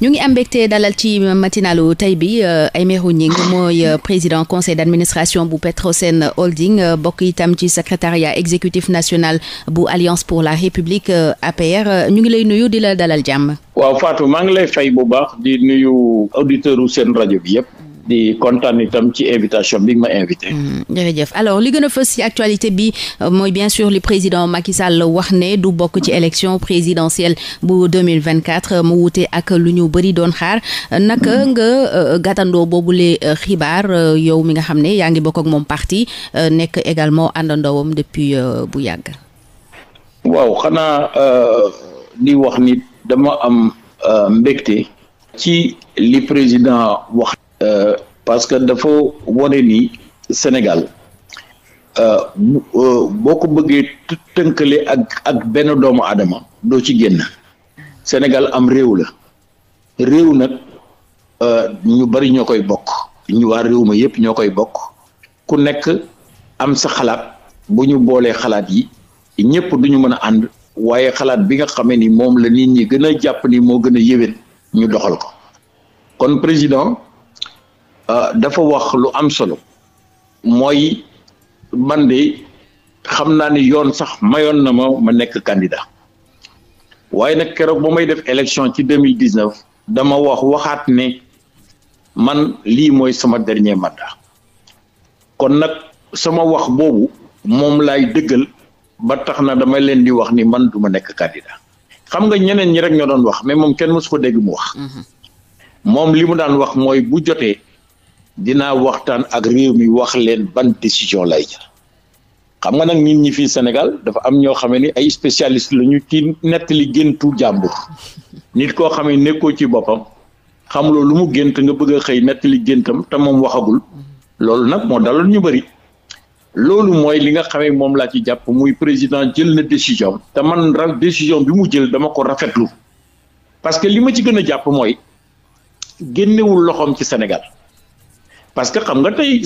ñu ngi am mbégte dalal ci matinalu tey bi euh, Aymérou Gningue mooy euh, président conseil d'administration bu Petrosen Holding euh, bokk itam ci secretariat exécutif national bu Alliance pour la République APR ñu ngi lay nuyu di la dalal jàmm. waaw Fatou maa ngi lay fay bu baax di nuyu u seen yëpp. di kontaan itam ci invitation bi nga ma invité. Mm, li gën a fës ci actualité bi euh, mooy bien sûr li président Macky Sall wax ne du bokk ci élection présidentielle bu 2024 euh, mu wutee ak lu ñu bëri doon xaar euh, naka nga gàttandoo boobule xibaar yow mi nga xam ne yaa ngi bokk ak moom parti nekk également àndandoowam depuis bu yàgg. waaw xanaa di wax ni dama am mbégte ci li président wax. Euh, parce que dafa wone ni Sénégal euh, euh, boo ko bëggee tënkale ak ak benn doomu aadama doo ci génn Sénégal am réew la réew nag ñu bari ñoo koy bokk ñu waa réew ma yépp ñoo koy bokk ku nekk am sa xalaat bu ñu boolee xalaat yi ñépp duñu mën a ànd waaye xalaat bi nga xamee ni moom la nit ñi gën a jàpp ni moo gën a yéwén ñu doxal ko kon président Euh, dafa wax lu am solo mooy man de xam naa ni yoon sax mayoon na ma ma nekk candidat waaye nag keroog ba may def élection ci deux mille dix neuf dama wax waxaat ne man lii mooy sama dernier mandat kon nag sama wax boobu moom laay dëggal ba tax na dama leen di wax ni man du ma nekk candidat xam nga ñeneen ñi rek ñoo doon wax mais moom kenn mësu ko dégg mu wax mm-hmm. moom li mu daan wax mooy bu jotee dinaa waxtaan ak réew mi wax leen ban décision lay jël xam nga nag ñun ñi fi Sénégal dafa am ñoo xamee ni ay spécialiste la ñu ci nettali géntu jàmbur nit koo xamee nekkoo ci boppam xamuloo lu mu gént nga bëgg xëy nettali géntam te moom waxagul loolu nag moo daloon ñu bëri loolu mooy li nga xamee moom laa ci jàpp muy président jël na décision te man ra décision bi mu jël dama ko rafetlu parce que li ma ci gën a jàpp mooy génnewul loxoom ci Sénégal parce que xam nga tey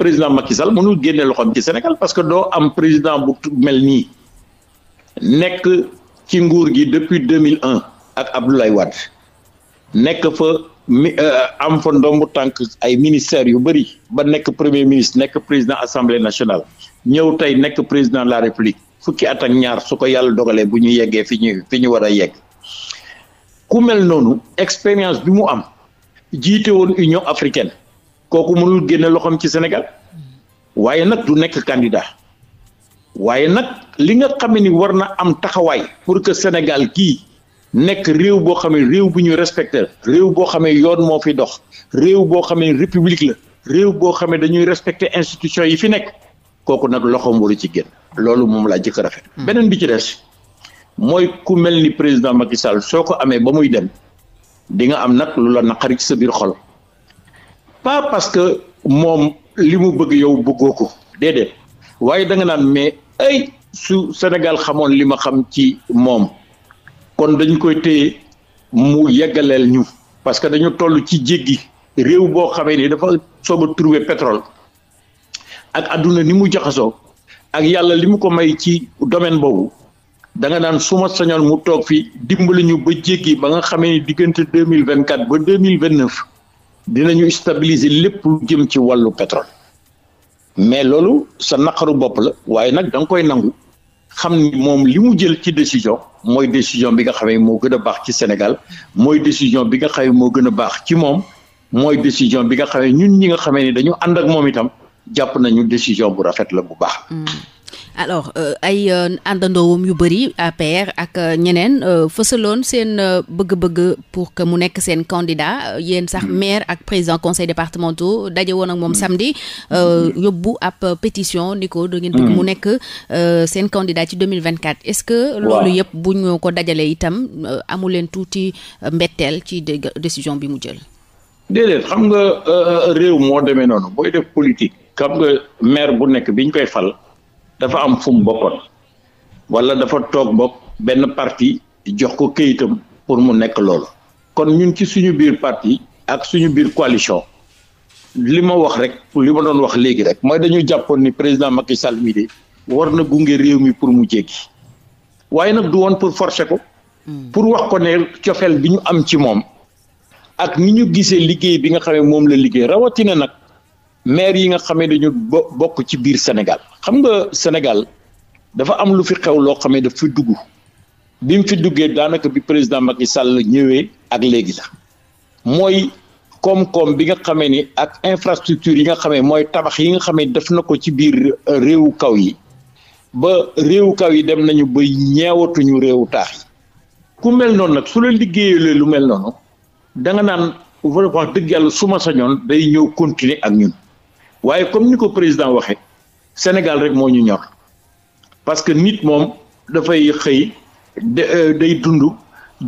président Macky Sall mënul génne loxoom ci Sénégal parce que doo am président bu mel nii nekk ci nguur gi depuis 2001 ak Abdoulaye Wade nekk fa mi euh, am fa ndombu tànk ay ministères yu bëri ba nekk premier ministre nekk président assemblée nationale ñëw tey nekk président de la république fukki at ak ñaar su ko yàlla dogalee bu ñu yeggee fi ñu fi ñu war a yegg ku mel noonu expérience bi mu am jiite woon Union africaine kooku mënul génne loxoom ci Sénégal waaye nag du nekk candidat waaye nag li nga xam ni war na am taxawaay pour que Sénégal kii nekk réew boo xam ne réew bu ñuy respecté réew boo xam yoon moo fi dox réew boo xam ne république la réew boo xam ne dañuy respecté institution yi fi nekk kooku nag loxoom waru ci génn loolu moom laa jëkk rafet hmm. beneen bi ci des mooy ku mel ni président Macky Sall soo ko amee ba muy dem di nga am nag lu la naqari ci sa biir xol pas parce que moom li mu bëgg yow bëggoo ko déedéet waaye da nga naan mais ay su Sénégal xamoon li ma xam ci moom kon dañ koy téye mu yeggaleel ñu parce que dañu toll ci jéggi réew boo xamee ni dafa soog a trouver pétrole ak àdduna ni mu jaxasoo ak yàlla li mu ko may ci domaine boobu da nga naan suma sañoon mu toog fi dimbali ñu ba jéggi ba nga xamee ni diggante deux mille vingt quatre ba deux mille vingt neuf dinañu stabiliser lépp lu jëm ci wàllu pétrole mais loolu sa naqaru bopp la waaye nag danga koy nangu xam ni moom li mu jël ci décision mooy décision bi nga xamee moo gën a baax ci Sénégal mooy décision bi nga xamee moo gën a baax ci moom mooy décision bi nga xamee ñun ñi nga xamee ni dañu ànd ak moom itam jàpp nañu décision bu rafet la bu baax. Mm. alors euh, ay euh, àndandoowam yu bëri APR ak euh, ñeneen fësaloon seen bëgg-bëgg pour que mu nekk seen candidat yéen sax mm-hmm. maire ak président conseil départemental daje woon ak moom mm-hmm. samedi mm-hmm. yóbbu ab pétition ni ko da ngeen bëgg mu nekk seen candidat ci 2024 est-ce que loolu yëpp bu ñu ko dajalee itam amu leen tuuti mbetteel ci décision bi mu jël déedéet xam nga réew moo demee noonu booy def politique xam nga maire bu nekk biñ koy fal dafa am fum mu bokkoon wala dafa toog bokk benn parti jox ko kayitam pour mu nekk loolu kon ñun ci suñu biir parti ak suñu biir coalition li ma wax rek li ma doon wax léegi rek mooy dañu jàppoon ni président Macky Sall mi de war na gunge réew mi pour mu jéggi waaye nag du woon pour forcer ko hmm. pour wax ko ne cofeel bi ñu am ci moom ak ni ñu gisee liggéey bi nga xamee moom la liggéey rawatina nag maire yi nga xamee dañu bokk ci biir Sénégal xam nga Sénégal dafa am lu fi xew loo xam ne daf fi dugg bi mu fi duggee daanaka bi président Macky Sall ñëwee ak léegi la mooy koom-koom bi nga xamee ni ak infrastructure yi nga xamee mooy tabax yi nga xamee def na ko ci biir euh, réewu kaw yi ba réewu kaw yi dem nañu ba ñeewatuñu réewu taax ku mel noonu nag su la liggéeyalee lu mel noonu danga naan wax dëgg yàlla su ma sañoon day ñëw continuer ak ñun waaye comme ni ko président waxee Sénégal rek moo ñu ñor parce que nit moom dafay xëy euh, day dund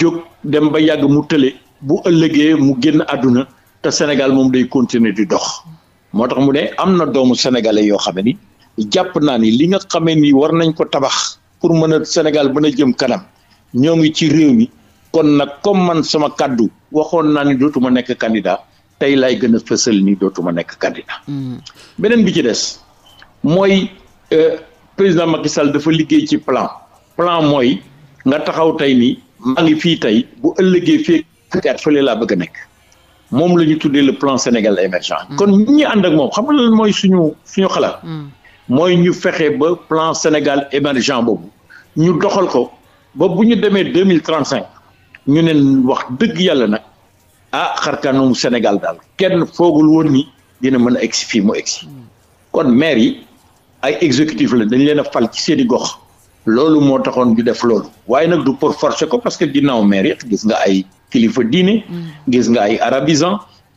jóg dem ba yàgg mu tële bu ëllëgee mu génn àdduna te Sénégal moom day continuer di dox moo tax mu ne am na doomu sénégalais yoo xam ni jàpp naa ni li nga xamee ni war nañ ko tabax pour mën a Sénégal mën a jëm kanam ñoo ngi ci réew mi kon nag comme man sama kàddu waxoon naa ni dootuma nekk candidat tey laay gën a fësal ni dootuma nekk candidat. Mm. beneen bi ci des. mooy euh, président Macky Sall dafa liggéey ci plan plan mooy nga taxaw tey ni maa ngi fii tey bu ëllëgee fii at fële laa bëgg a nekk moom la ñu tuddee le plan Sénégal émergent. Mm. kon ñi ñu ànd ak moom xam nga lan mooy suñu suñu xalaat. Mm. mooy ñu fexe ba plan Sénégal émergent boobu ñu doxal ko ba bu ñu demee deux mille trente cinq ñu neen wax dëgg yàlla nag ah xarkanamu Sénégal daal kenn foogul woon ni dina mën a egsi fii mu egsi mm. kon maire ay exécutif la dañ leen a fal ci seen gox loolu moo taxoon ñu def loolu waaye nag du pour forcé ko parce que ginnaaw maire gis nga ay kilifa diine mm. gis nga ay arabisant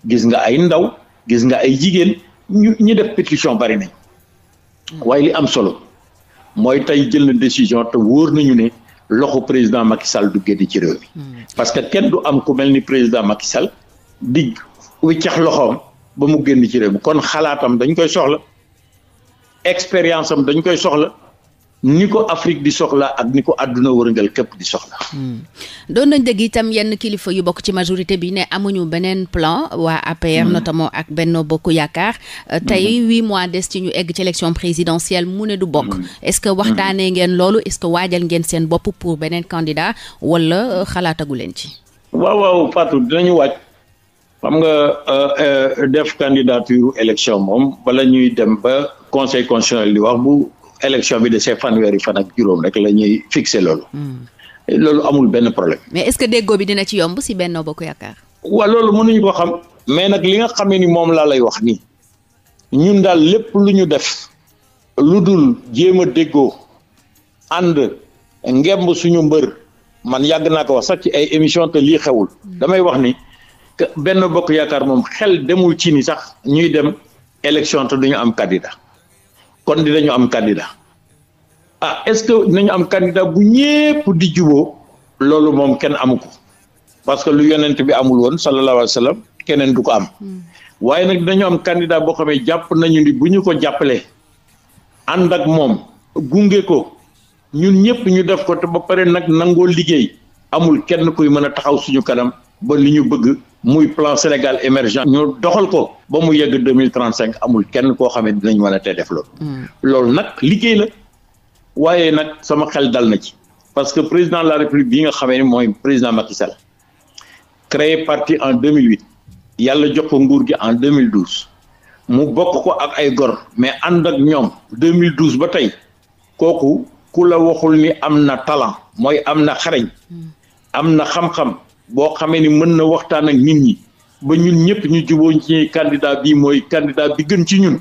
gis nga ay ndaw gis nga ay jigéen ñu ñu def pétition bari nañ mm. waaye li am solo mooy tey jël na décision te wóor nañu ne loxo président Macky Sall du génn ci réew mi mm. parce que kenn du am ku mel ni président Macky Sall di wiccax loxoom ba mu génn ci réew mi kon xalaatam dañ koy soxla expérience am dañ koy soxla ni ko Afrique di soxla ak ni ko àdduna wërngal képp di soxla. Hmm. doon nañ dégg itam yenn kilifa yu bokk ci majorité bi ne amuñu beneen plan waa APR. Hmm. notamment ak benn Bokk Yaakaar. Euh, tey hmm. huit mois des ci ñu egg ci élection présidentielle mu ne du bokk. est-ce que waxtaanee ngeen loolu est-ce que waajal ngeen seen bopp pour beneen candidat wala euh, xalaatagu leen ci. waaw waaw Fatou dinañu waaj. xam nga euh, def candidature élection moom conseil constitutionnel di wax bu élection bi de see fanweeri fan ak juróom rek la ñuy fixé loolu. Hmm. loolu amul benn problème. mais est-ce que déggoo bi dina ci yomb si Benno Bokk Yaakaar. waaw loolu mënuñu ko xam. mais nag li nga xamee ni moom laa lay wax nii ñun daal lépp lu ñu def lu dul jéem a déggoo ànd ngemb suñu mbër man yàgg naa ko wax sax ci ay émission te lii xewul hmm. damay wax ni que Benno Yaakaar moom xel demul ci ni sax ñuy dem élection te duñu am candidat. kon dinañu am candidat ah est-ce que dinañu am candidat bu ñépp di juboo loolu moom kenn amu ko parce que lu yonent bi amul woon sallallahu alayhi wa sallam keneen du ko am hmm. waaye nag dinañu am candidat boo xamee jàpp nañu ni bu ñu ko jàppalee ànd ak moom gunge ko ñun ñëpp ñu def ko te ba pare nag nangoo liggéey amul kenn kuy mën a taxaw suñu kanam ba li ñu bëgg muy plan Sénégal émergent ñu doxal ko ba mu yegg deux mille trente cinq amul kenn ko xam ne dinañ mën a tee def loolu. Hmm. loolu nag liggéey la waaye nag sama xel dal na ci parce que président la république bi nga xamee ni mooy président Macky Sall créé parti en deux mille huit yàlla jox ko nguur gi en deux mille douze mu bokk ko ak ay gor mais ànd ak ñoom deux mille douze ba tey kooku ku la waxul ni am na talent mooy am na xarañ hmm. am na xam-xam. boo xamee ni mën na waxtaan ak nit ñi ba ñun ñëpp ñu jubóo ci candidat bi mooy candidat bi gën ci ñun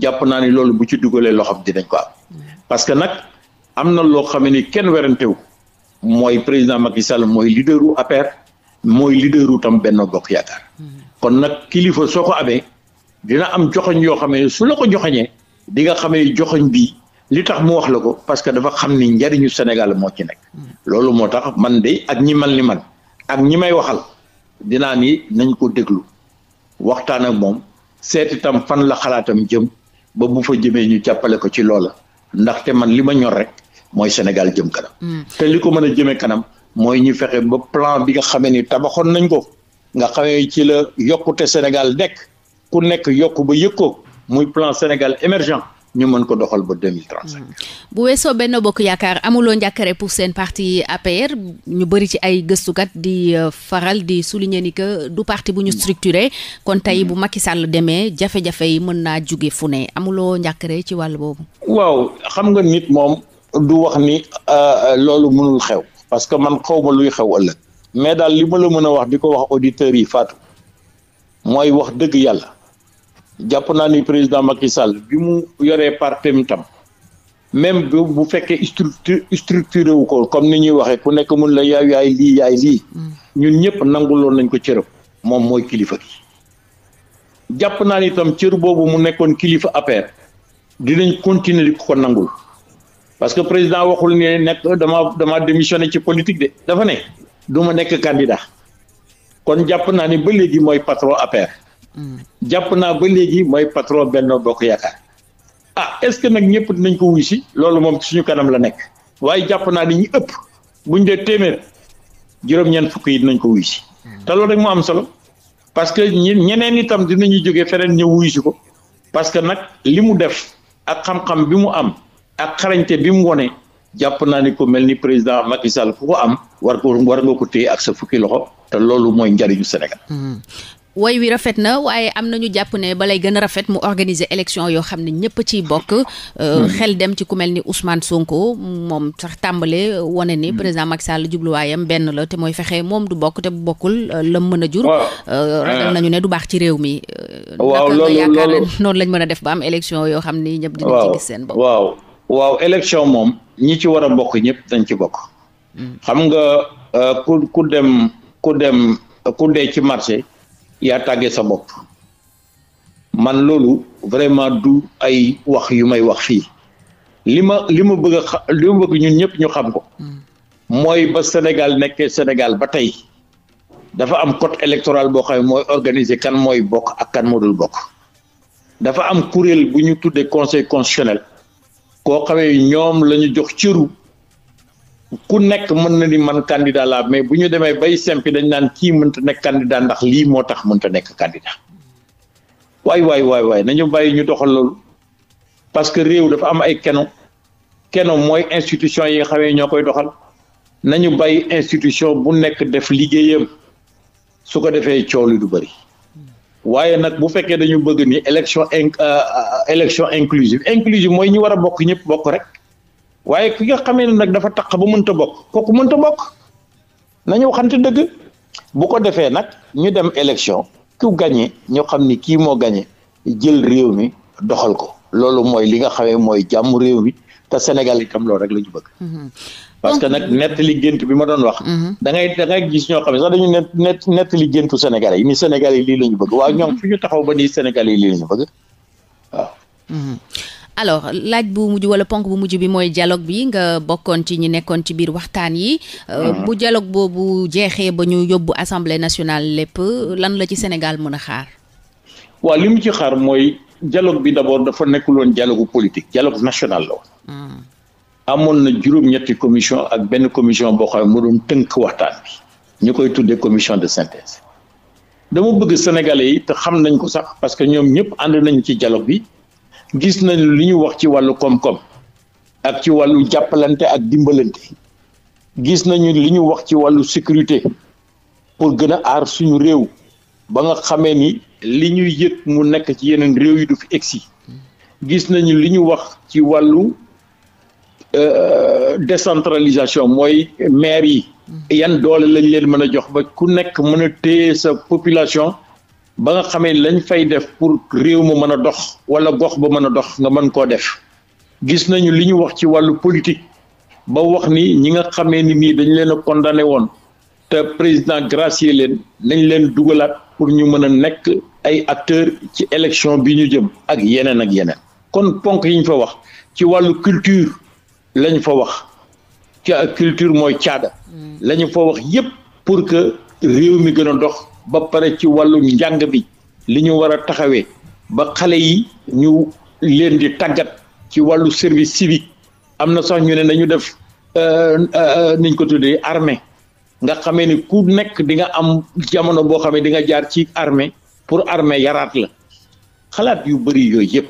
jàpp naa ni loolu bu ci dugalee loxoom dinañ ko am parce que nag am na loo xamee ni kenn werantewu mooy président Macky Sall mooy leaderu APR mooy leaderu tam Bokk Yaakaar nag kilifa soo ko amee dina am joxoñ yoo xam ne su la ko joxoñee di nga xamee joxoñ bi li tax mu wax la ko parce que dafa xam ni njariñu Sénégal moo ci nekk loolu moo tax man de ak ñi man ni man am ñi may waxal dinaa ni nañ ko déglu waxtaan ak moom seet itam fan la xalaatam jëm ba bu fa jëmee ñu jàppale ko ci loola ndaxte man li ma ñor rek mooy Sénégal jëm kanam. Hmm. te li ko a jëmee kanam mooy ñu fexe ba plan bi nga xamee ni tabaxoon nañ ko nga xamee ci la yokkute Sénégal nekk ku nekk yokk ba yëg ko muy plan Sénégal émergent ñu mën ko doxal ba deux mille hmm. bu weesoo benn bokk yaakaar amuloo njàkkare pour seen parti APR ñu bëri ci ay gëstukat di euh, faral di souligner ni que du parti bu ñu hmm. structuré kon tey hmm. bu Macky Sall demee jafe-jafe yi mën naa jóge fu ne amuloo njàkkare ci wàll boobu. waaw xam nga nit moom du wax ni euh, euh, loolu mënul xew parce que man xaw ma luy xew ëllëg mais daal li ma la mën a wax di ko wax auditeurs yi Fatou mooy wax dëgg yàlla. jàpp naa ni président Macky Sall bi mu yoree partem tam même bu bu fekkee structure structuré wu ko comme ni ñuy waxee ku nekk mun la yaay yaay lii yaay lii mm. ñun ñëpp nanguloon nañ ko cëram moom mooy kilifa gi jàpp naa ni itam cër boobu mu nekkoon kilifa APR dinañ continuer di ko nangul parce que président waxul ne nekk dama dama démissionné ci politique de dafa ne du ma nekk candidat kon jàpp naa ni ba léegi mooy patron APR jàpp naa ba léegi mooy patron Benno Bokk Yaakaar ah est-ce que nag ñëpp dinañ ko wuy loolu moom suñu kanam la nekk waaye jàpp naa ni ñu ëpp buñ dee téeméer juróom-ñeent fukk yi dinañ ko wuy te loolu rek mu am solo parce que ñeneen itam dinañu jógee feneen ñëw wuy ko parce que nag li mu def ak xam-xam bi mu am ak xarañte bi mu wone jàpp naa ni ko mel ni président Macky Sall ku ko am war ko war nga ko téye ak sa fukki loxo te loolu mooy njariñu Sénégal. Hmm. way wi rafet na waaye am na ñu jàpp ne balay gën a rafet mu organiser élection yoo xam ne ñëpp ciy bokk. Euh, hmm. xel dem ci ku mel ni Ousmane Sonko moom sax tàmbale wane ni hmm. président Macky Sall jubluwaayam benn la te mooy fexe moom du bokk bu bokkul euh, lam mën a jur. Euh, ragal eh. nañu ne du baax ci réew mi. waaw loolu yaakaar ne noonu lañ mën a def ba am élection yoo xam ni ñëpp dinañ ci gis seen ba waaw waaw élection moom ñi ci war a bokk ñëpp dañ ci bokk. Hmm. xam nga ku ku dem ku dem ku dee ci marché. yaa tàggee sa bopp man loolu vraiment du ay wax yu may wax fii li ma li ma bëgg a li ma bëgg ñun ñëpp ñu xam ko hmm. mooy ba Sénégal nekkee Sénégal ba tey dafa am code électoral boo xam ne mooy organiser kan mooy bokk ak kan modul bokk dafa am kuréel bu ñu tuddee conseil constitutionnel koo xamee ñoom la jox cëru ku nekk mën na ni man candidat la mais bu ñu demee bay simpi dañ naan kii mënta nekk candidat ndax lii moo tax mënta nekk candidat waay waay waay waay nañu bàyyi ñu doxal loolu parce que réew dafa am ay keno keno mooy institution yi nga xamee ñoo koy doxal nañu bay institution bu nekk def liggéeyam su ko defee coow du bëri waaye nag bu fekkee dañu bëgg ni élection in euh, euh, élection inclusive inclusive mooy ñu war a bokk ñëpp bokk rek waaye ki nga xamee ne nag dafa taq ba mënta bokk kooku mënta bokk nañu waxante dëgg bu ko defee nag ñu dem élection ku gagné ñoo xam ni kii moo gagné jël réew mi doxal ko loolu mooy li nga xamee mooy jàmm réew mi te Sénégal itam loolu rek la ñu bëgg. Mm-hmm. parce que nag nett li gént bi ma doon wax. Mm-hmm. da ngay da gis ñoo xam ne sax dañu net net nett li géntu Sénégal yi ni Sénégal yi lii la bëgg waaw ñoom fu ñu taxaw ba nii Sénégal yi lii la ñu bëgg waaw. alors laaj bu mujj wala ponk bu mujj bi mooy dialogue bi nga bokkoon ci ñi nekkoon ci biir waxtaan yi. Euh, ah. bu dialogue boobu jeexee ba ñu yóbbu assemblée nationale lépp lan la ci Sénégal mën a xaar. waaw li mu ci xaar mooy dialogue bi d'abord dafa nekkul woon dialogue politique dialogue national la woon. Ah. amoon na juróom-ñetti commission ak benn commission boo xam ne moo tënk waxtaan bi. ñu koy tuddee commission de synthèse. dama bëgg sénégalais yi te xam nañ ko sax parce que ñoom ñëpp ànd nañ ci dialogue bi. gis nañ li ñu wax ci wàllu koom-koom ak ci wàllu jàppalante ak dimbalante gis nañu li ñu wax ci wàllu sécurité pour gën a aar suñu réew ba nga xamee ni li ñuy yëg mu nekk ci yeneen réew yi du fi egsi gis nañu li ñu wax ci wàllu euh, décentralisation mooy maire yi mm. yan doole lañ leen mën a jox ba ku nekk mën a téye sa population ba nga xamee lañ fay def pour réew mu mën a dox wala gox ba mën a dox nga mën koo def gis nañu li ñu wax ci wàllu politique ba wax ni ñi nga xamee ni mii dañ leen a condamné woon te président gracier leen nañ leen dugalaat pour ñu mën a nekk ay acteurs ci élection bi ñu jëm ak yeneen ak yeneen kon ponk yi ñu fa wax ci wàllu culture lañ fa wax ca culture mooy caada mm. lañu fa wax yépp pour que réew mi gën a dox ba pare ci wàllu njàng bi li ñu war a taxawee ba xale yi ñu leen di tàggat ci wàllu service civique am na sax ñu ne nañu def euh, euh, niñ ko tuddee armée nga xamee ni ku nekk di nga am jamono boo xamee di nga jaar ci armee pour armée yaraat la xalaat yu bëri yooyu yëpp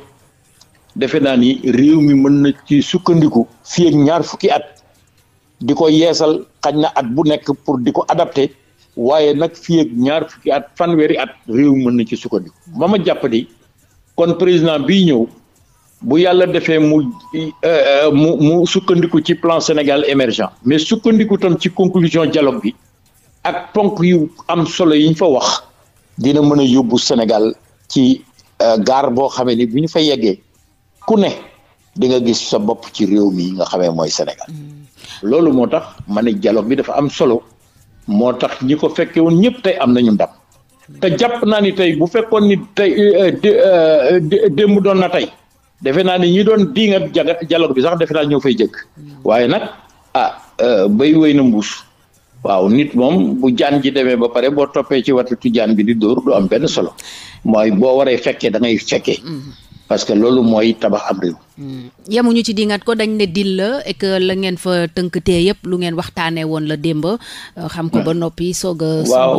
defe naa ni réew mi mën na ci sukkandiku fii ñaar fukki at di ko yeesal xañ na at bu nekk pour di ko adapté waaye nag fii ak ñaar fukki at fanweeri at réew mën na ci sukkandiku ba ma jàpp kon président bii ñëw bu yàlla defee mu euh, mu mu sukkandiku ci plan Sénégal émergent mais sukkandiku tam ci conclusion dialogue bi ak ponk yu am solo yi ñu fa wax dina mën a yóbbu Sénégal ci euh, gaar boo xamee ni bi ñu fa yeggee ku ne di gis sa bopp ci réew mi nga xamee mooy Sénégal mm. loolu moo tax ma ne dialogue bi dafa am solo. moo tax ñi ko fekke woon ñëpp tey am nañu ndam te jàpp naa ni tey bu fekkoon ni tey euh, euh, euh, démb doon na tey defe naa ni ñi doon di nga dialogue bi sax defe naa ñëw fay jëkk waaye nag ah bay wéy na mbuus waaw nit moom bu jaan ji demee ba pare boo toppee ci watu jaan bi di dóor du am benn solo mooy boo waree fekkee da ngay fekkee mm-hmm. parce que loolu mooy tabax am réew. Hmm. yemuñu ci dingat ko dañ ne dil la et la ngeen fa tënktee yëpp lu ngeen waxtaanee woon la démb. Euh, xam ko ba hmm. noppi soog a. waaw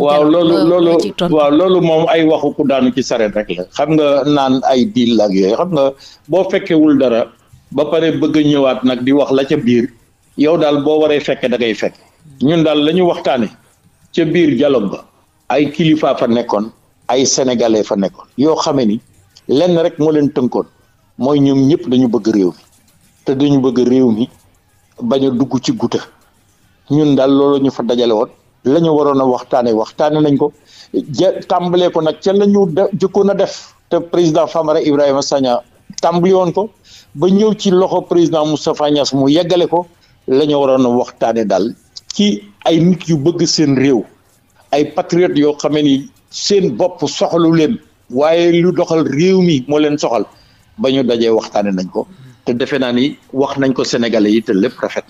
waaw loolu loolu loolu moom ay waxu ku daanu ci sareet rek la. xam nga naan ay dil ak yooyu xam nga boo fekkewul dara ba pare bëgg a ñëwaat nag di wax la ca biir yow daal boo waree fekke da ngay fekk ñun daal la ñu waxtaanee ca biir dialogue ba ay kilifa fa nekkoon ay sénégalais fa nekkoon yoo xamee ni. lenn rek moo leen tënkoon mooy ñoom ñëpp dañu bëgg réew mi te dañu bëgg réew mi bañ dugg ci guta ñun daal loolu ñu fa dajalewoon lañu waroon a waxtaane waxtaane nañ ko ja tàmbalee ko nag ca lañu ñu jëkkoon a def te président Famara Ibrahima Sagna tàmbali woon ko ba ñëw ci loxo président Moustapha Niass mu yeggale ko la waroon a waxtaane daal ci ay nit yu bëgg seen réew ay patriotes yoo xamee ni seen bopp soxalu leen waaye lu doxal réew mi moo leen soxal ba ñu dajee waxtaane nañ ko te defe naa ni wax nañ ko Sénégalais yi te lépp rafet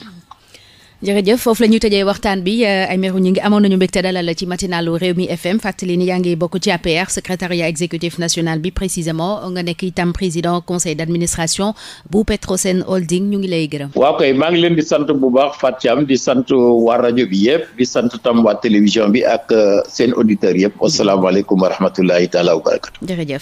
jërëjëf foofu la ñuy tëjee waxtaan bi euh, Aymérou ngi amoon nañu mbégte dalal la ci matinalu Rewmi FM fàttali ni yaa ngi bokk ci APR secrétariat exécutif national bi précisément nga nekk itam président conseil d'administration bu Petrosen Holding ñu ngi lay gërëm. waa kay maa ngi leen di sant bu baax Fatou Thiam di sant waa rajo bi yëpp di sant tam waa télévision bi ak euh, seen auditeurs yëpp asalaamaaleykum wa rahmatulahi taala wa barakatu. jërëjëf.